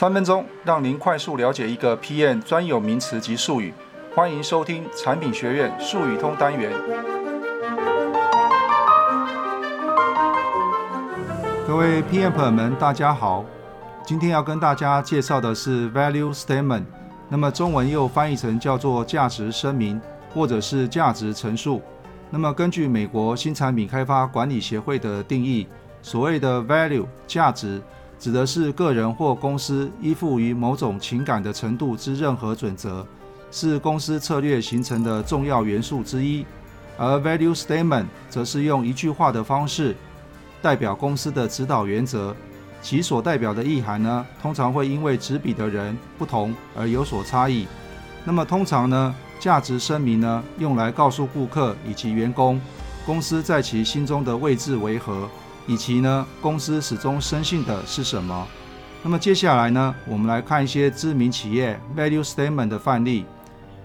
三分鐘讓您快速了解一個 PM 專有名詞及術語，歡迎收聽產品學院術語通單元。各位 PM 朋友們，大家好，今天要跟大家介紹的是 Value Statement，那麼中文又翻譯成叫做價值聲明或者是價值陳述。那麼根據美國新產品開發管理協會的定義，所謂的 Value 價值。指的是個人或公司依附於某種情感的程度之任何準則，是公司策略形成的重要元素之一。而 value statement 則是用一句話的方式代表公司的指導原則，其所代表的意涵呢，通常會因為執筆的人不同而有所差異。那麼通常呢，價值聲明呢，用來告訴顧客以及員工，公司在其心中的位置為何。以及呢，公司始終深信的是什麼？那麼接下來呢，我們來看一些知名企業 value statement 的範例。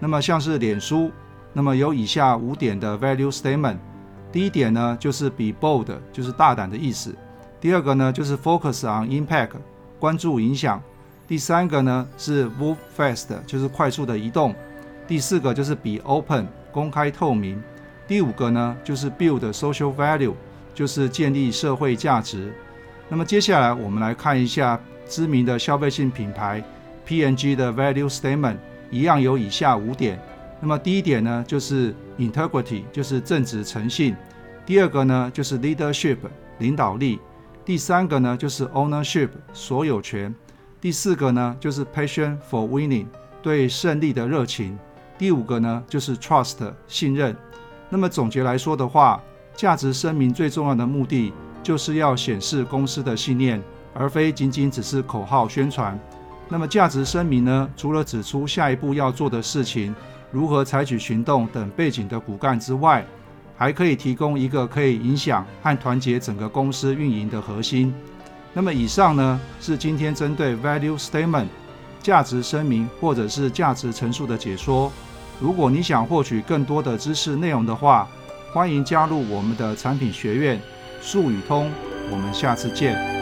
那麼像是臉書，那麼有以下五點的 value statement。第一點呢，就是 be bold，就是大膽的意思。第二個呢，就是 focus on impact，關注影響。第三個呢，是 move fast，就是快速的移動。第四個就是 be open，公開透明。第五個呢，就是 build social value。就是建立社會價值。那麼接下來我們來看一下知名的消費性品牌 P&G 的 Value Statement，一樣有以下五點。那麼第一點呢，就是 Integrity，就是正直誠信；第二個呢，就是 Leadership，領導力；第三個呢，就是 Ownership，所有權；第四個呢，就是 Passion for Winning，對勝利的熱情；第五個呢，就是 Trust，信任。那麼總結來說的話。價值聲明最重要的目的就是要顯示公司的信念，而非僅僅只是口號宣傳。那麼，價值聲明呢，除了指出下一步要做的事情、如何採取行動等背景的骨幹之外，還可以提供一個可以影響和團結整個公司運營的核心。那麼，以上呢是今天針對 Value Statement 價值聲明或者是價值陳述的解說。如果你想獲取更多的知識內容的話，歡迎加入我們的產品學院，數語通。我們下次見。